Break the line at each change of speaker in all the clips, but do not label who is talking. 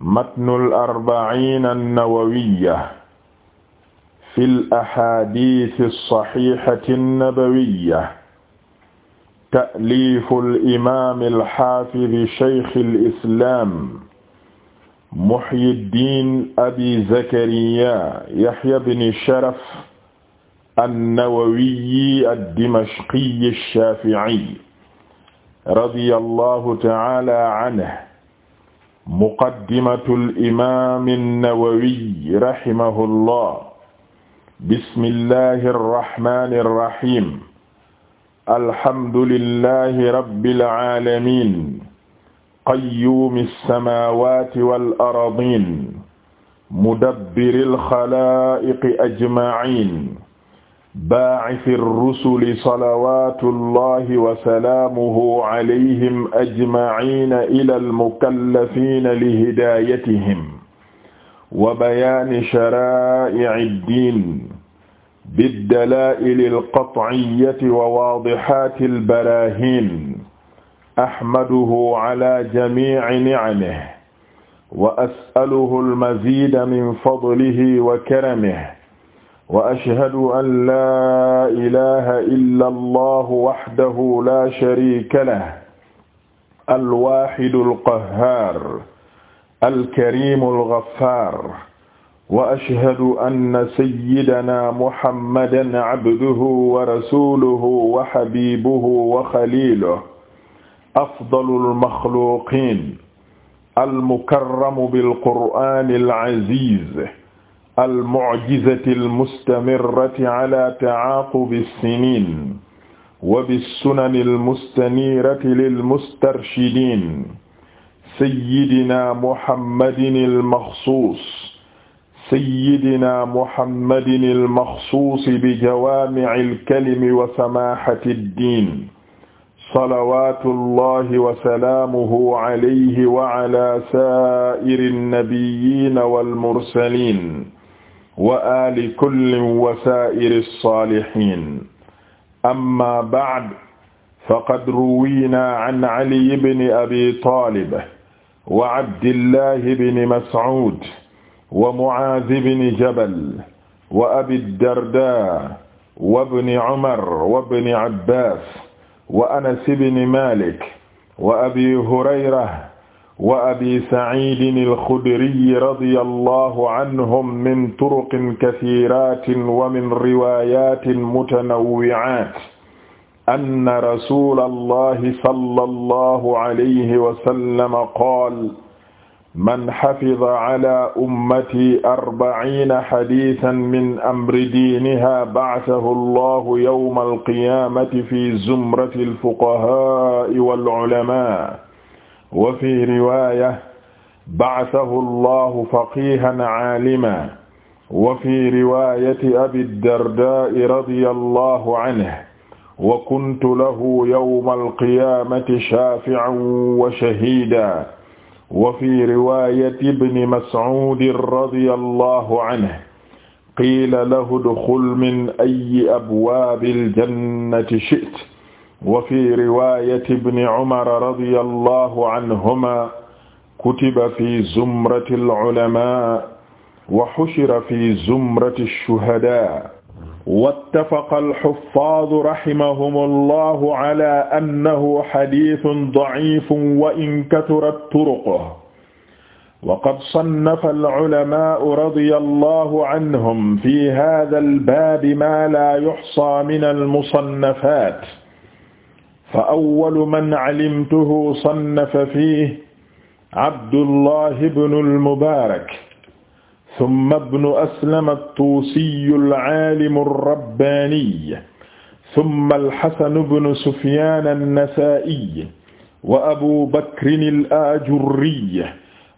matnul arba'iina nawawiyya fil axaadiisi saxiixati nabawiyya ta'liiful imaamil xaafidi shaykhil islaam muhyiddin abi zakariya yahya bni sharaf annawawiyi addimashqiyi shaafi'i radiyallahu ta'aala anhu muqaddimatul imaam an-Nawawi rahimahullah bismillahir rahmanir rahim alhamdulillahi rabbil aalamiin qayyuumis samaawaati wal ardiin mudabbiril xalaa'iqi ajma'iin baa'ifi rusuli salawaatullahi wa salaamuhu alayhim ajma'iina ilal mukallafiina lihidaayatihim wa bayaani sharaa'i'id diin biddalaa'ilil qat'iyyati wa waadihaatil baraahiin ahmaduhu alaa jamii'i ni'amihi wa as'aluhu al-maziida min fadlihi wa karamihi wa ashhadu an laa ilaha illa allah wahdahu la sharika lah alwahidu alqahhar alkarimu alghaffar wa ashhadu anna sayyidana muhammadan abduhu wa rasuluhu wa habibuhu wa khaliluhu afdalul makhluqin almukarramu bilqur'aanil aziz almu'jizati almustamirrati ala ta'aaqubi as-siniin wa bis-sunani almustaniirati lilmustarshidiin sayyidinaa muhammadin al-maxsuus sayyidinaa muhammadin al-maxsuus bijawaami'il kalimi wa samaahati diin salawaatullahi wa salaamuhu alayhi wa ala saa'iri nabiyyiina wal mursaliin wa aali kullin wa saa'iri saalihiin amma ba'd faqad ruwiinaa an Ali ibn Abi Taalib wa Abdillahi ibn Mas'uud wa Mu'aaz ibn Jabal wa Abi Dardaa wa ibn Umar wa ibn Abbaas wa Anas ibn Maalik wa Abi Hurayra wa abi saciidin alxudriy radiyallahu anhum min turuqin kasiiraatin wa min riwaayaatin mutanawwicaat anna rasuulallahi sallallahu alayhi wa sallam qaala man xafida calaa ummatii arbaciina xadiisan min amri diinihaa bacatahu allahu yawma alqiyaamati fi zumrati alfuqahaa'i walculamaa'i wa fi riwaaya ba'athahu allahu faqihan aaliman wa fi riwaayati abi dardaa'i radiyallahu anhu wa kuntu lahu yawma alqiyaamati shaafi'an wa shahiidan wa fi riwaayati ibni mas'uudin radiyallahu anhu qiila lahu udxul min ayyi abwaabil jannati shi'ta wa fi riwaayati ibni Umar radiyallahu anhuma kutiba fi zumrati al-ulamaa wa hushira fi zumrati ash-shuhadaa wattafaqa al-huffaadu rahimahumullahu ala annahu hadiisun da'iifun wa in kasurat turuquhu waqad sannafa al-ulamaa'u radiyallahu anhum fi haadha al-baabi maa laa yuhsaa mina al-musannafaat fa awwalu man calimtuhu sannafa fiihi Abdullahi bnu al-Mubaarak summa bnu Aslama at-Tuusiyu al-caalimu ar-rabbaaniyu summa al-Xasanu bnu Sufyaan an-Nasaa'iyu wa Abu Bakrin al-Aajurriyu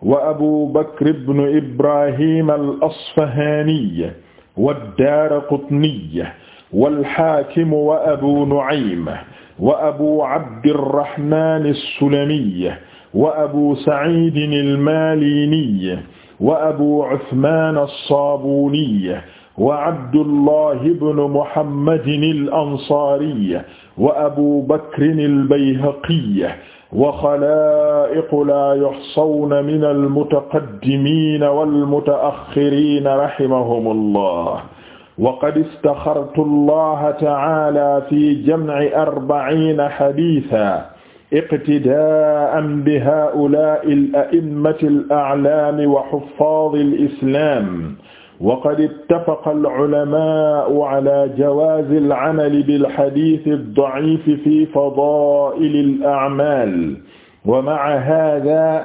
wa Abu Bakr bnu Ibraahiim al-Asfahaaniyu wad-Daaraqutniyu wal-Xaakimu wa Abu Nucaym wa abu abdirrahman as-sulami wa abu sa'id al-malini wa abu uthman as-sabuni wa abdullah ibn muhammad al-ansari wa abu bakr al-bayhaqi wa xalaa'iq laa yuxsawna mina al-mutaqaddimiina wal-muta'axxiriina rahimahumu llah waqad iftaxartu allaha taala fi jamci arbaciina xadiisan iqtidaa'an bi haa'ulaa'i al-a'immati al-aclaami wa xuffaadi al-islaam waqad ittafaqa al-culamaa'u calaa jawaazi al-camali bil-xadiisi ad-daciifi fi fadaa'ili al-acmaal wa maca haadaa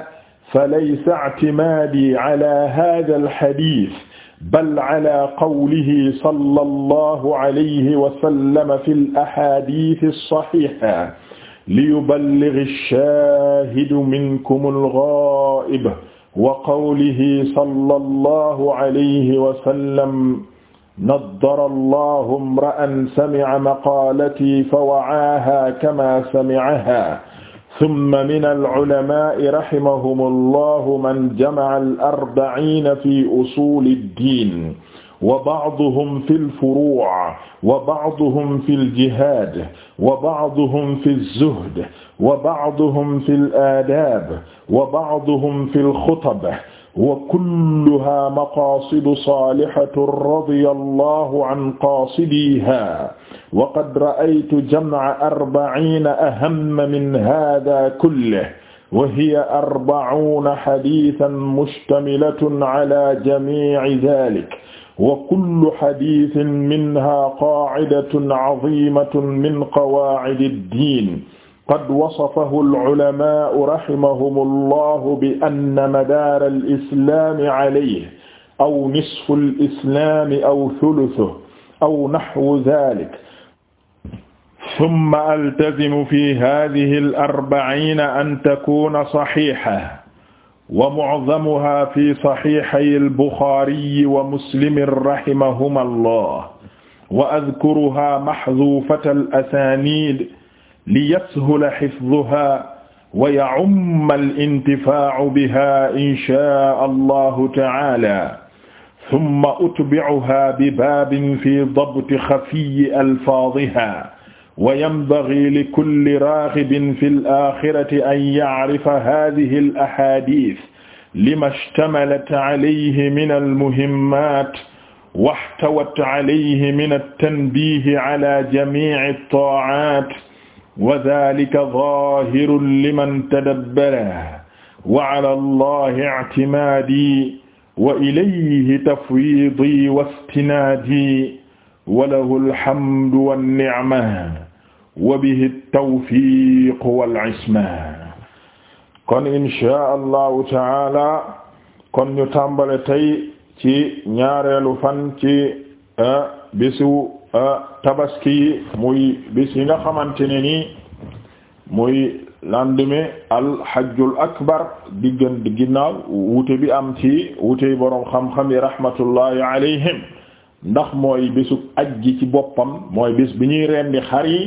falaysa ictimaadii calaa haadal xadiis bal ala qawlihi sallallahu alayhi wa sallam fi al-ahadith as-sahiha liyuballigha ash-shahidu minkum al-ghaib wa qawlihi sallallahu alayhi wa sallam naddara allahu imra'an sami'a maqalati fawa'aha kama sami'aha summa mina al-ulamaa'i rahimahumullahu man jama'a al-arba'iina fi usuuli diin wa ba'duhum fil furuu'i wa ba'duhum fil jihaad wa ba'duhum fil zuhd wa ba'duhum fil aadaab wa ba'duhum fil xutab wa kulluha maqaasidu saalihatun radiyallahu an qaasidiha wa qad ra'aytu jam'a arba'iina ahamma min haadaa kullihi wa hiya arba'uuna hadiisan mushtamilatun ala jamii'i dhaalika wa kullu hadiisin minhaa qaa'idatun 'aziimatun min qawaa'idi ddiin qad wasafahu al-ulamaa'u rahimahumu llahu bi anna madaara al-islaami alayhi aw nisfu al-islaami aw thuluthuhu aw nahwu dhaalika thumma altazimu fi haadhihi al-arba'iina an takuuna sahiihatan wa mu'dhamuhaa fi sahiihayi al-Bukhaari wa Muslim rahimahumaa llah wa adhkuruhaa mahdhuufata al-asaaniid li yashula hifdhuha wa ya'umma al-intifaa'u biha inshaa Allahu ta'aala thumma utbi'uha bi baabin fi dabti khafiyyi alfaadhiha wa yanbaghii li kulli raaghibin fi al-aakhirati an ya'rifa haadhihi al-ahaadiith lima ishtamalat alayhi min al-muhimmaat wa ihtawat alayhi min at-tanbiih ala jamii' at-taa'aat wa zaalika zaahirun liman tadabbara wa ala Allahi i'timaadi wa ilayhi tafwiidi wastinaadi wa lahu alhamdu wanni'ma wa bihi tawfiiqu wal isma kon inshaa Allahu ta'aala kon ñu tàmbale tey ci ñaareelu fan ci eh, bisu Euh, tabaski muy bis yi nga xamante ne nii muy lendemain alhajjul akbar diggan ginnaaw wute bi am ci wutey boroom xam-xam yi rahmatullahi alayhim ndax mooy bésu aj ci boppam mooy bis bi ñuy rendi xar yi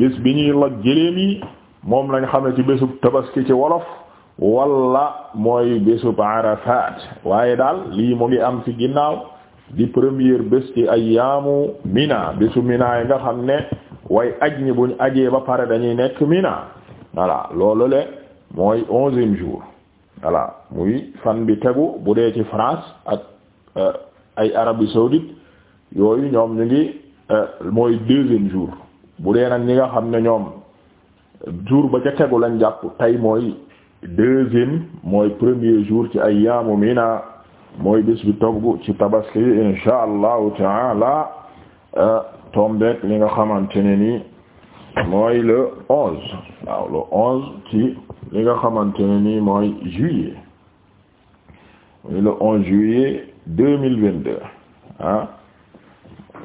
bis bi ñuy loj jëléem yi moom lañ xam ne ci bésu tabaski ci wolof wala mooy bésu arafat waaye daal lii mu ngi am ci ginnaaw di première bés ci ayyaamu Mina bésu Mina yi nga xam ne way aj ñi buñ ajee ba pare dañuy nekk Mina voilà loolu le mooy onzième jour voilà muy fan bi tegu bu dee ci France ak euh, ay Arabie saoudite yooyu ñoom ñu ngi euh, mooy deuxième jour bu dee nag ñi nga xam ne ñoom jour ba ca tegu lañ jàpp tey mooy deuxième mooy premier jour ci ay ayyaamu Mina mooy bés bi togg ci tabaski insha allahu taala euh, tombeek li nga xamante ne ni mooy le onze waaw le onze ci li nga xamante ni mooy juillet mooy le onze juillet deux mille vingt-deux ah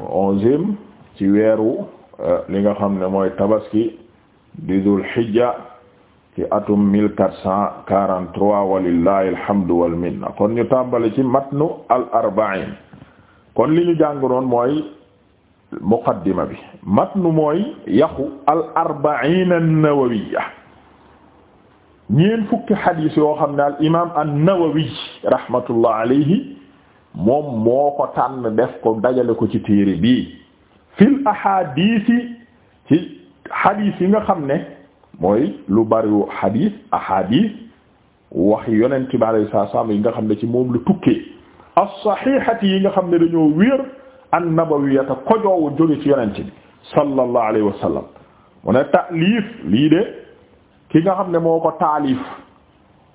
onzième ci weeru euh, li nga xam ne mooy tabaski di dul xijja ci atum 1443 alhamdu wal kon ñu tàmbali ci matnu al arba'in kon li ñu mooy muqaddima bi matnu mooy yaxu al arba'in an fukki xadiis yoo xam ne al imaam an alayhi moom moo ko tànn def ko dajale ko ci téere bi fil ahadiisi ci xadiis yi nga xam ne mooy lu bariwu xadiis ahadis wax yonent bi alayhi salaam yi nga xam ne ci moom lu tukkee as-saxiixati yi nga xam ne dañoo wér an-nabawiyata kojoowu jóge ci yonent bi sallallahu alayhi wa sallam mu ne ta'liif lii de ki nga xam ne moo ko taalif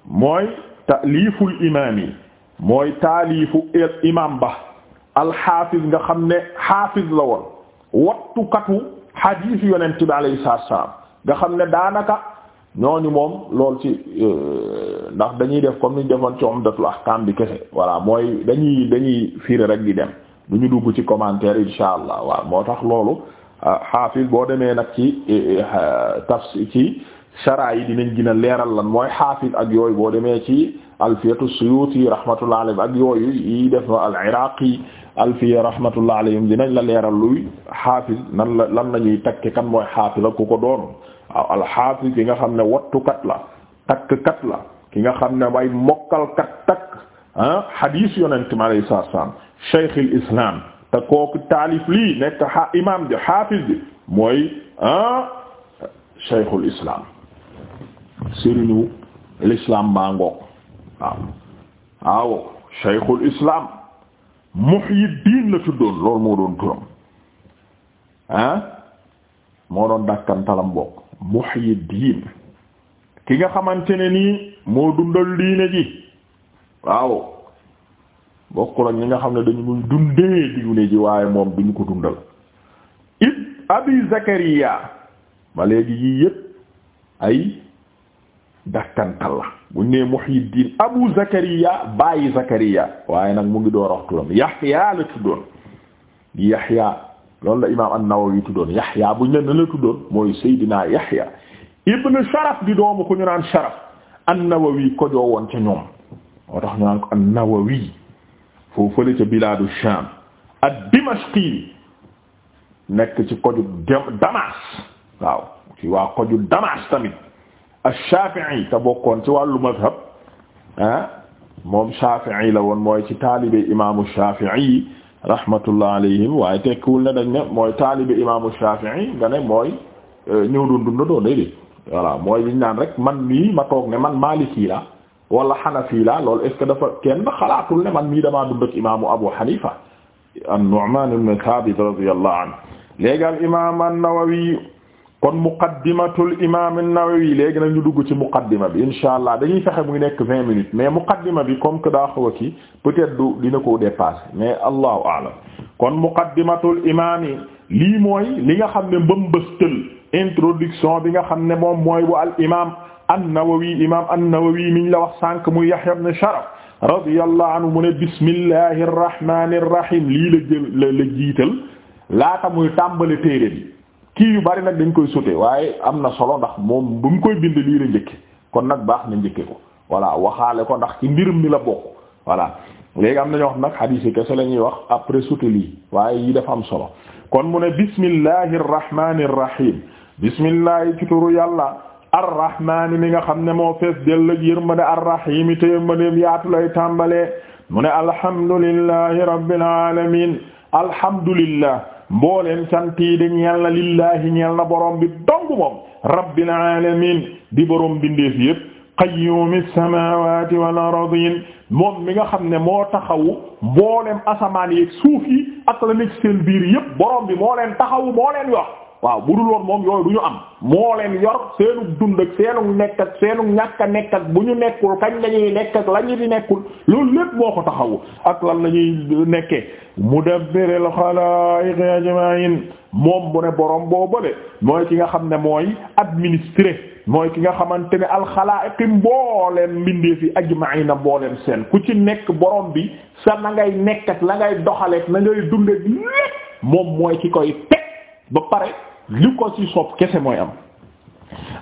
mooy ta'liiful imaam yi mooy taalifu imaam ba alxaafiz nga xam ne xaafiz la woon wattukatu xadiis yonent bi alayhi salaam nga xam ne daanaka ñooñu moom lool ci euh, ndax dañuy def comme ni ñu ci Umdatul Ahkam bi kese voilà mooy dañuy dañuy fiire rek di dem du ñu dugg ci commentaire insha allah waaw moo tax loolu xaafis euh, boo demee nag ci euh, tafsir ci sharaa yi dinañ gën a leeral lan mooy xaafis ak yooyu boo demee ci alfiyatu suyuti rahmatullah alayhi ak yooyu yi def no al iraqi alfiya rahmatullah alayhim dinañ la leeral luy xaafis nan la lan la ñuy takke kan mooy xaafis ak ku ko doon waaw alxaafis ki nga xam ne wattukat la takkkat la ki nga xam ne way mokkalkat takk ah hadis yonent mi alayhi salaatu salaam te kooku taalif lii nekk imaam bi xaafis mooy ah shaykhul islam sëriñu l'islam baa ngoog waaw waaw shaykhul islam Muhyiddin la tuddoon loolu moo doon turam ah moo doon dàkkantalam bokk Muhyiddin ki nga xamante ne nii moo dundal diine ji waaw bokkul ak ñi nga xam ne dañu dundee diine ji waaye moom duñu ko dundal it Abi Zakariya ba léegi yii yépp ay dakkantal la bu nee Muhyiddin Abu Zakariya bàyyi Zakariya waaye nag mu ngi doo wax turam Yahya la tuddoon Yahya loolu la imaam an-Nawawi tuddoon Yaxya bu ñu leen la tuddoon mooy Seydina Yaxya ibn Sharaf di doomu ku ñu naan Sharaf an-Nawawi ko joo woon ñoom moo tax ñu naan ko an-Nawawi foofu fële bilaadu Sham ad-Dimashqi nekk ci koju Damas waaw ci waa koju Damas bokkoon ci wàllu mazhab ah moom Shafi'i la woon mooy ci taalibe imaamu Shafi'i rahmatullah alayhim waaye tekkiwul ne dañ ne mooy taalibi imaamu Shafi'i nga ne mooy euh, ñëw doon dundandoo déedéet voilà naan rek man mii ma toog ne man Maliki la wala Hanafi la loolu est-ce que dafa kenn xalaatul ne man mii damaa dund ak imaamu Abu Hanifa an-Nu'man ibn Thabit radiyallahu anhu léegi al imaam an-Nawawi kon muqaddimatul imaam an-Nawawi léegi nag ñu dugg ci muqaddima bi insha allah dañuy fexe muy nekk vingt minutes mais muqaddima bi comme que daa xaw a kii peut-être du dina ko dépasser mais allahu a'lam kon muqaddimatul imaam yi lii mooy li nga xam ne mbëmbëstël introduction bi nga xam ne moom mooy bu al imaam an-Nawawi imaam an-Nawawi la wax sànq muy Yahya ibn Sharaf radiyallahu anhu mu ne bismillahir rahmanir rahim lii la jël la jiital laata muy tàmbali téere bi. kii yu bari nag dañ koy sotee waaye am na solo ndax moom bu ñu koy bind lii la njëkke kon nag baax na njëkke ko voilà waxaale ko ndax ci mbirum mi la bokk voilà léegi am na ñoo xam nag xadiis yi kese la ñuy wax après sotee lii waaye yi dafa am solo kon mu ne bismillahi rrahmani rrahim bismillahi ci turu yàlla arrahmaani mi nga xam ne moo fees dellëg yërmande arrahimi te yërmandeem yaatu lay tàmbalee mu ne alhamdulillahi rabbil alamin alhamdulillah mbooleem sant yi de ñeel na lillaahi ñeel na borom bi dong moom rabbil alamin di borom bindeef yépp qayyumis samawati wal ardin moom mi nga xam ne moo taxawu mbooleem asamaan yi ak suuf la nekk seen biir yépp borom bi moo leen taxawu moo leen waaw bu dul woon moom yooyu du ñu am moo leen yor seenu dund ak seenu nekk ak seenu ñàkk a nekk bu ñu nekkul kañ lañuy nekk ak la ñu di nekkul loolu lépp moo ko taxawu ak lan la ñuy nekkee mudabbiril xalaa'iq ajma'in moom bu borom boobale mooy ki nga xam ne mooy administrer mooy ki nga xamante ne alxalaa'iq mbooleem mbindeef yi ajma'ina mbooleem seen ku ci nekk borom bi sa ngay nekk la ngay doxaleek na ngay dundee moom mooy ki koy teg ba pare li ko ci sopp kese mooy am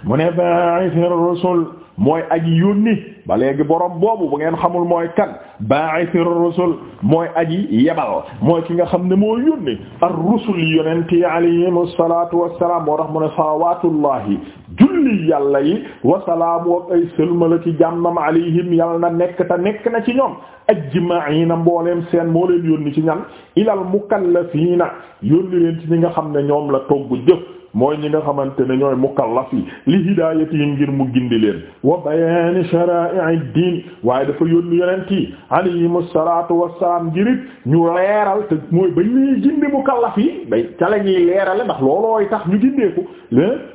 mu ne ba'ithir rusul mooy aji ni ba léegi borom boobu bu ngeen xamul mooy kan ba'ithir rusul mooy aji yebal mooy ki nga xam ne moo yónni ar rusul yi yonent yi alayhimu salaatu wassalaam moo tax mu ne salawatullahi julli yàlla yi wasalaamu ak ay sëlmala ci jàmmam alayhim yàlla na nekk te nekk na ci ñoom na mboolem seen moo leen yónni ci ñan ilal mukallafiina yónni leen ci ñi nga xam ne ñoom la togg jëf mooy ñi nga xamante ne ñooy mukallaf yi li hidaayati yi ngir mu gindi leen wa bayaani sharaa'i diin waaye dafa yónni yonent yi alayhimu salaatu wassalaam ngir ñu leeral te mooy ba ñuy gindi mukallaf yi day ca la leerale ndax loolooy tax ñu gindeeku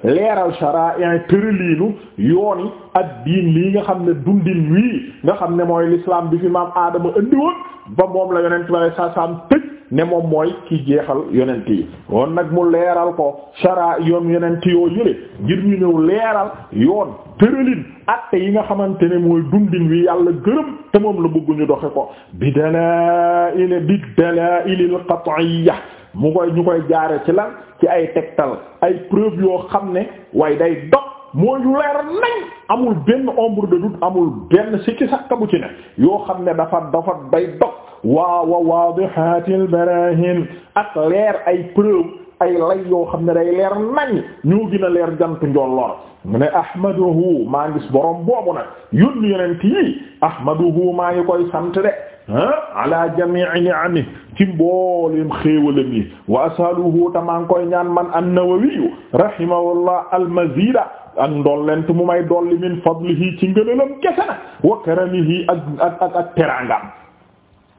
leeral sharaa'i tërëliinu yooni ak diin lii nga xam ne dundin wii nga xam ne mooy lislaam bi fi maam aadama indi woon ba moom la yonent bi sallallahu alayhi wasallam ne moom mooy ki jeexal yonent yi woon nag mu leeral ko shara yoon yonent yoo yële ngir ñu ñëw leeral yoon tëralin atte yi nga xamante ne mooy dundin wi yàlla gërëm te moom la bëgg ñu doxe ko bi dalaa'il bi dalaa'ilil qat'iyya mu koy ñu koy jaare ci lan ci ay tegtal ay preuve yoo xam ne waaye day dog moo yu leer nañ amul benn ombre de doute amul benn sikki sakka bu ci ne yoo xam ne dafa dafa day dog waawa waadihaatil barahin ak leer ay preuve ay lay yoo xam ne day leer nañ ñoo leer jant njolloor mu ne ahmaduhu maa ngis borom boobu nag yun yonent yi ahmaduhu maa ngi koy sant de ah ala jami'i ni'ami ci mbooleem xéewalam yi wa asaluhu ta maa ngi koy ñaan man an-Nawawi rahimahullah al-mazida ak ndollent mu may dolli min fadlihi ci ngëneelam kese na wa karamihi ak ak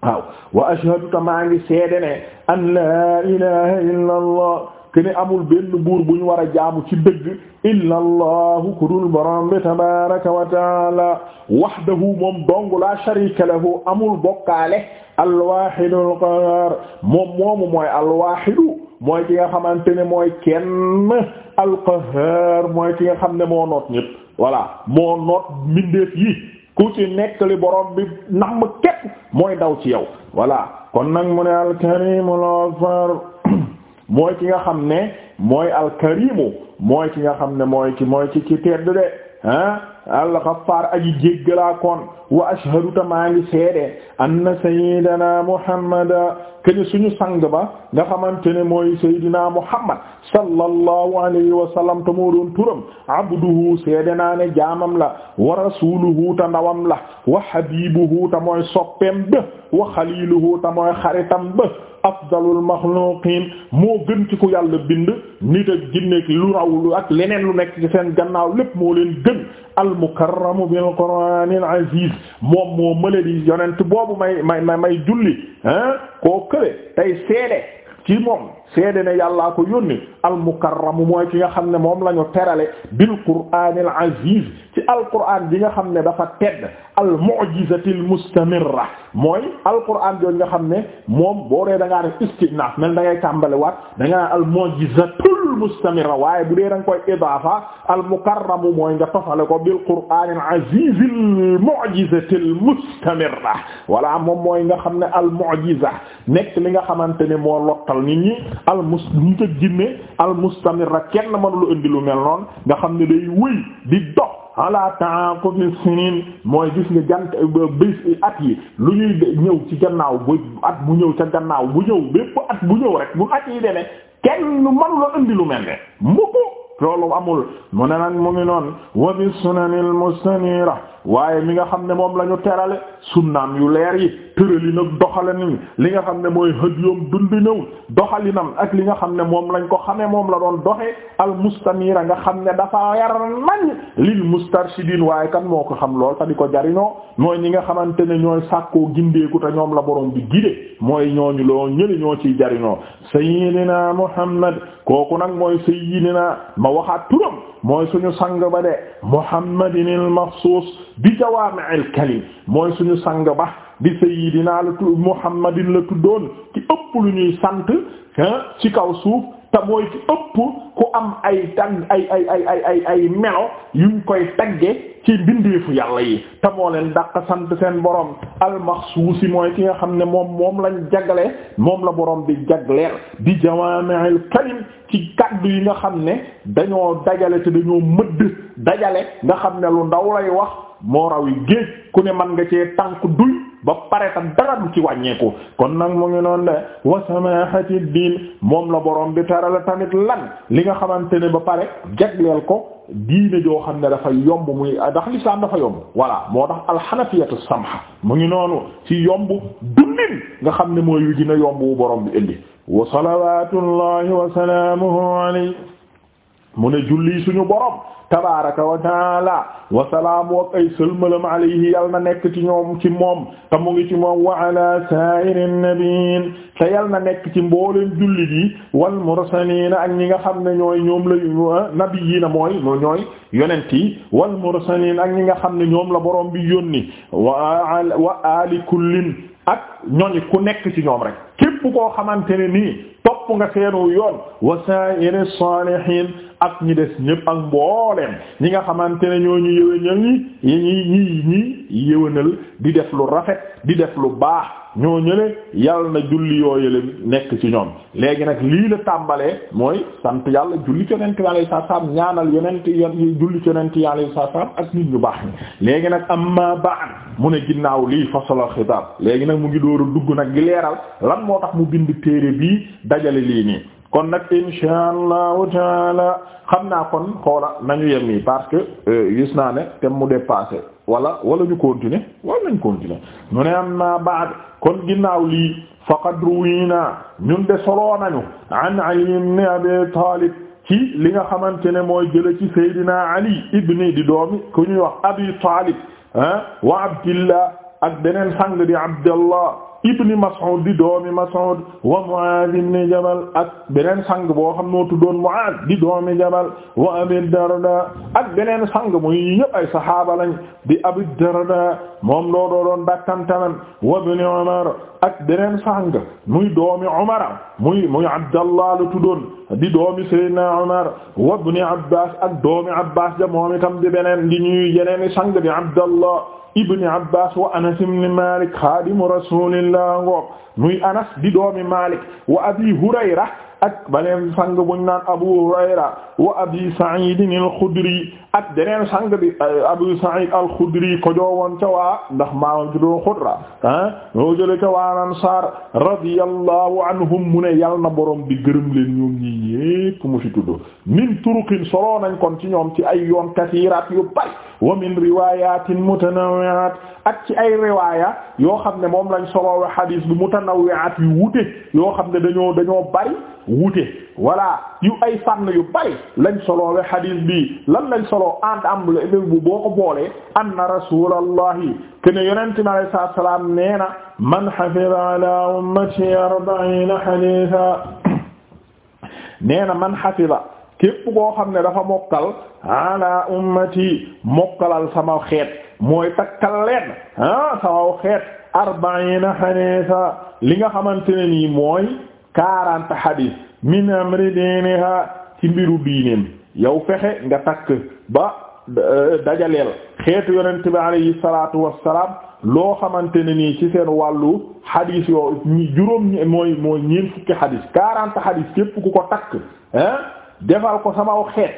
waaw wa ashhadu ta maa ngi seede ne an la ilaha illa allah amul benn buur bu ñu war a jaamu ci dëgg illa allahu ku dul borom bi tabaraka wa taala wahdahu moom dong la sharika lahu amul bokkaale alwahidu alqahar moom moomu mooy alwahidu mooy ki nga xamante ne mooy kenn alqahar mooy ki nga xam ne moo noot ñépp voilà moo noot mbindeef yi ku ci nekk li borom bi namm képp mooy daw ci yow voilà kon nag mu ne alkarimul afar mooy ki nga xam ne mooy alkarimu mooy ki nga xam ne mooy ki mooy ci tedd de ah al ghaffaar aji jéggalaa wa ashhadu ta maa seede anna sayyidana muhammad kene suñu sang ba nga xamante ne mooy sayyidina muhammad sallallahu alayhi wa seede naa jaamam la wa rasuluhu ta ndawam la wa habibuhu ta mooy soppeem ba wa xaliluhu ta mooy xaritam ba afdalul maxluqin moo gën ci ku yàlla bind nit ak jinne ak lu raw lu ak leneen lu nekk ci seen gannaaw lépp moo leen gën al mukarramu bil qur'anil aziz moom moo mële di yonent boobu may may may julli hein koo kële tey seede ci moom seede ne yàllaa ko yónni al mukarramu mooy ki nga xam ne moom la ñu terale bil qur'aanil aziz ci alqur'aan bi nga xam ne dafa tedd al mu'jizatil mustamirra mooy alqur'aan jooju nga xam ne moom boo dee da ngaa def istinaaf mel da ngay waat da ngaa al mu'jizatul mustamirra waaye bu dee da nga koy idaafa al mukarramu mooy nga tofale ko bil qur'aanil azizil mu'jizatil mustamirra wala moom mooy nga xam ne al mu'jiza nekk li nga xamante ne moo lottal nit ñi al mus nit ak jinne al mustamirra kenn mënulu indi lu mel noonu nga xam ne day wëy di dox ala ta'aqubi sinin mooy gis nga jant bés at yi lu ñuy ñëw ci gannaaw bu at bu ñëw ca gannaaw bu ñëw bépp at bu ñëw rek bu at yi demee kenn mënula indi lu mel ne mukk loolu amul mu ne nag mu ngi noonu wa bi sunanil mustanira waaye mi nga xam ne moom la ñu terale sunnaam yu leer yi tërali nag doxalin li nga xam ne mooy hëj yoom dundi nëw doxalinam ak li nga xam ne moom lañ ko xamee moom la doon doxee al mustamira nga xam ne dafa yar nañ lil mustarshidin waaye kan moo ko xam lool te di ko jariñoo mooy ñi nga xamante ne ñooy sàkkoo gindeeku te ñoom la boroom bi gide mooy ñooñu loo ñëli ñoo ciy jariñoo sayyidina muhammad kooku nag mooy sayyidina ma waxaat turam mooy suñu sang ba de muhammadin al maxsuus bi jawaami'il kalim mooy suñu sang ba di sayyidina la tudd muhammadin la tuddoon ci ëpp lu ñuy sant ci kaw suuf te mooy ëpp ku am ay tagg ay ay ay ay ay melo yuñ koy tagge ci mbindeefu yàlla yi te moo leen dàq sant seen borom almaxsuusi mooy ki nga xam ne moom moom lañ jagle moom la borom bi jagleel di jawaami'il kalim ci kaddu yi nga xam ne dañoo dajale te dañoo mëdd dajale nga xam ne lu ndaw lay wax moo raw yi géej ku ne man nga cee tànk duy ba pare tam dara du ci wàññeeku kon nag mu ngi noonu de wa samahati diin moom la borom bi terale tamit lan li nga xamante ne ba pare jagleel ko diine joo xam ne dafa yomb muy ndax lislaam dafa yomb voilà moo tax alxanafiyatu samha mu ngi noonu ci yomb dundin nga xam ne mooy yu dina yomb wu borom bi indi wa salawaatullahi wa salaamuhu alayhi mu ne julli suñu borom tabaraka wa taala wa salaamu ak ay sëlmalam alayhi yal na nekk ci ñoom ci moom te mu ngi ci moom wa ala sa'irin nabiyyin te yal na nekk ci mbooleen jullit yi wal mursaliina ak ñi nga xam ne ñooy ñoom la ah, nabiyyiina mooy ñooy yonent yi wal mursaliina ak ñi nga xam ne ñoom la borom bi yónni wa wa ali kullin ak ñooñu ku nekk ci ñoom rek képp koo xamante ne nii topp nga seenu yoon wa sa'iri salihin ak ñi des ñépp ak mbooleem ñi nga xamante ne ñooñu yéwénal ñi ñi ñi ñi yéwénal di def lu rafet di def lu baax ñoo ñële yàlla na julli yooyule nekk ci ñoom léegi nag lii la tàmbalee mooy sant yàlla julli ci yonent bi alayhi salaam ñaanal yonent yi julli ci yonent yi alayhi salaam ak nit ñu baax ñi léegi nag amma ba'd mu ne ginnaaw lii fasala xitaab léegi nag mu ngi dóoru dugg nag gi leeral lan moo tax mu bind téere bii dajale lii nii kon nag insha allahu taala xam naa kon xoola nañu yem yi parce que euh, gis naa ne te mu dépassé wala wala ñu continuer wala ñu continuer mu ne am naa baad kon ginnaaw lii faqad ruwina ñun de soloo nañu an Ali ibn Abi Talib ci li nga xamante ne mooy jële ci Seydina Ali ibni di doomi ku ñuy wax Abi Talib ah wa Abdillah ak beneen sang di Abdallah ibni Mas'ud di doomi Mas'ud wa Mu'aaz ibni Jabal ak beneen sang boo xam noo tuddoon Mu'aaz di doomi Jabal wa Abi Darda ak beneen sang muy yëpp ay saxaaba lañ di Abi Darda moom loo doon dakkantaman wa ibni Umar ak beneen sang muy doomi Umar muy muy Abdallah lu tuddoon di doomi Seydina Umar wa ibni Abbaas ak doomi Abbaas ja moom itam di beneen di ñuy yeneen sang di Abdallah ibni abbas wa anas ibn malik xaadimu rasulillah ngoog muy anas di doomi malik wa abi hurayra ak baleen sang buñ naan abu hurayra wa abi sa'id al-khudri ak beneen sang bi euh, Abu Sa'id al-Khudri ko joowoon ca waa ndax ma ci doon Xudra ah ñoo jële ca waa Ansaar radiyallahu anhum mu ne yal na borom bi gërëm leen ñoom ñi yépp mu fi tudd min turuqin soloo nañ kon ci ñoom ci ay yoon kasiiraat yu bari wa min riwayatin mutanawwi'at ak ci ay riwaaya yoo xam ne moom lañ soloowe xadiis bi mutanawwi'at yu wute yoo xam ne dañoo dañoo bari wute wala yu ay fànn yu bari lañ soloowe xadiis bi lan lañ solo boo ensemble bu boo na man hafiza ala na man hafiza képp xam ne dafa mokkal ala mooy takkal li nga xamante ne mooy quarante hadith min amri diiniha ci mbiru yow fexe nga takk ba euh, dajaleel xeetu yonent bi alayhi salaatu wassalaam loo xamante ne nii ci seen wàllu xadiis yoo juróom mooy mooy ñeent fukki xadiis quarante xadiis képp ku ko takk hein defal ko sama xeet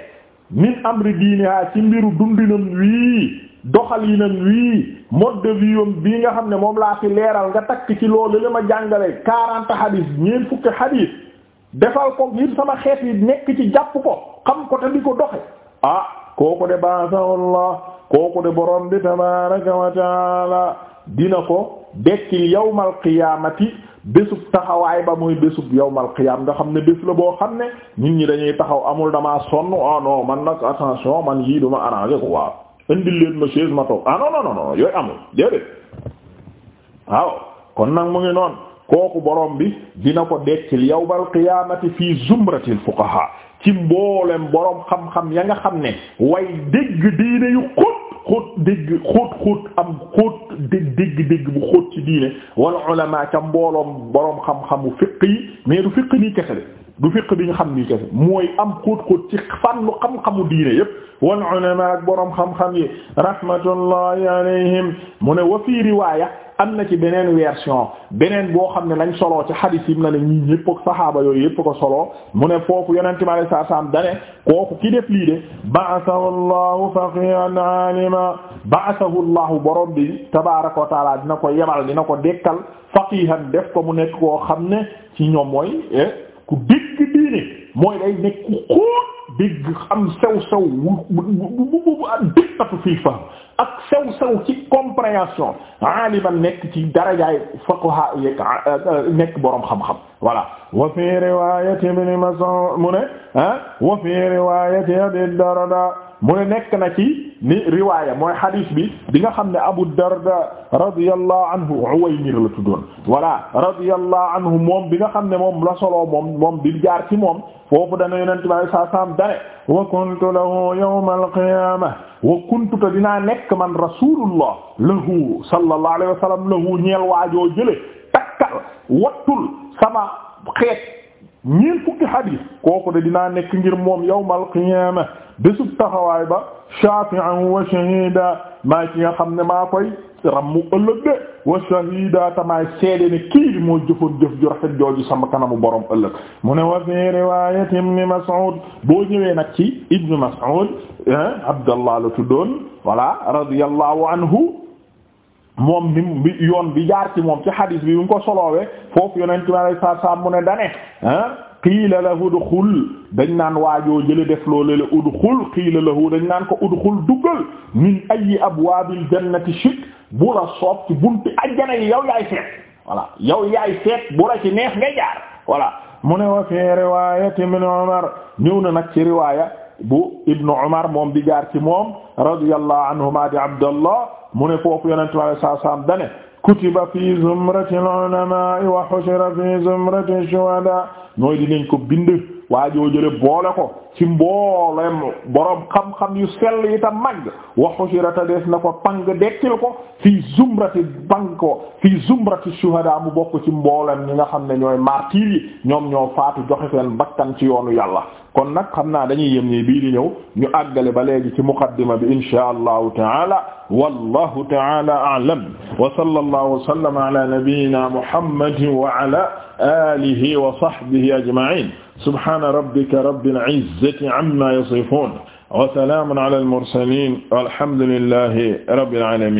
min amri diiniha ci mbiru dundinam wii doxalinam wii mode de vie am bii nga xam ne moom laa fi leeral nga takk ci loolu li ma jàngale quarante xadiis ñeent fukki xadiis defal ko ngir sama xeet yi nekk ci jàpp ko xam ko te di ko doxe ah kooku de koo ko de borom bi tabaraka wa taala dina ko dekkil yawmal qiyaamati bésu taxawaay ba muy bésub yawmal qiyaam nga xam ne bés la boo xam ne nit ñi dañuy taxaw amul damaa sonn ah no man nag attention man yii duma arrangé ko waaw indil ma chaise ma toog ah non non non yooyu amul déedéet waaw kon nag mu ngi noonu kooku boroom bi dina ko dekkil yawmal qiyaamati fii zumratil fuqaha ci mboolem boroom xam-xam ya nga xam ne way dégg diine yu xóot xóot dégg xóot xóot am xóot dégg dégg bu xóot ci diine wal ulama ca mbooloom boroom xam-xamu fiq yi mais du fiq nii kese du fiq bi nga xam nii kese mooy am xóot xóot ci fànnu xam-xamu diine yépp wal ulama ak borom xam-xam yi rahmatullahi alayhim mu ne wa fii riwaaya am na ci beneen version beneen boo xam ne lañ soloo ci xadis yi na ne ñii ñëpp ak saxaaba yooyu yëpp ko soloo mu ne foofu yonente mi alei saatu salaam dane kooku ki def lii de ba'athahu llahu faqihan alima ba'athahu llahu borom bi tabaaraka wa dina ko yemal dina ko dekkal faqihan def ko mu nekk koo xam ne ci ñoom mooy ku dégg diine mooy day nekk ku xóot am sew sew bu bu bu bu am dikkatu fii faam ak sew sew ci compréhension aliman nekk ci darajaay fuqaha euh, nekk borom xam-xam voilà wa fi riwayati ibn Mas'ud mu ne ah wa fi riwayati Abi Darda mu nekk na ci ni riwaaya mooy hadith bi bi nga xam ne Abu Darda radiyallahu anhu Uwaymir la tuddoon voilà radiyallahu anhu moom bi nga xam ne moom la solo moom moom bi jaar ci moom foofu dana yonent bi sallallahu alayhi wasallam dane wa kuntu lahu yawmal qiyaamah wa kuntu te dinaa nekk man rasulullah lahu sallallahu alayhi wasallam lahu ñeel waajoo jële takkal sama xeet ñeent fukki hadith kooku de dinaa nekk ngir moom yawmal qiyaamah bésub taxawaay ba shafi'an wa shahida maa ci nga xam ne maa koy rammu ëllëg de wa shahida tamaay seede ne kii moo jëfoon jëf ju rafet jooju sama kanamu borom ëllëg mu ne wa fi riwayat ibn Mas'ud boo ñëwee nag ci ibn Mas'ud Abdallah la tuddoon voilà radiyallahu anhu moom ni bi yoon bi jaar ci moom ci hadis bi bi mu ko solowee foofu yonent bi sallallahu alayhi wasallam mu ne dane ah qiila lahu udxul dañ naan waajoo jële def loolu la udxul qiila lahu dañ naan ko udxul duggal min ayi abwaabil jannati shit bu la soob ci bunti ajjana yi yow yaay seet voilà yow yaay seet bu la ci neex nga jaar voilà mu ne wa fii riwaayati min Umar ñëw na nag ci riwaaya bu ibnu Umar moom bi jaar ci moom radiyallahu anhuma di Abdallah mu ne foofu yonente mi sallallahu alayhi wasallam dane kutiba fi zumrati al-ulama wa hushira fi zumrati ash-shuhada mooy dinañ ko bind waa joo jële boole ko ci mboolem borom xam-xam yu sell yi mag màgg wa hushira ta des na ko pang dekkil ko fi zumrati pang ko fi zumrati shuhada mu bokk ci mboolem ñi nga xam ne ñooy martyr yi ñoom ñoo faatu joxe seen bakkan ci yoonu yàlla kon nag xam naa dañuy yem ñi bii di ñëw ñu àggale ba léegi ci muqaddima bi insha allahu taala wallahu taala a'lam wa sallallahu wa sallama ala nabiyyina muhammadin wa ala alihi wa sahbihi ajma'in subhana rabbika rabbil izzati amma yasifun wa salamun ala al mursalin walhamdulillahi rabbil alamin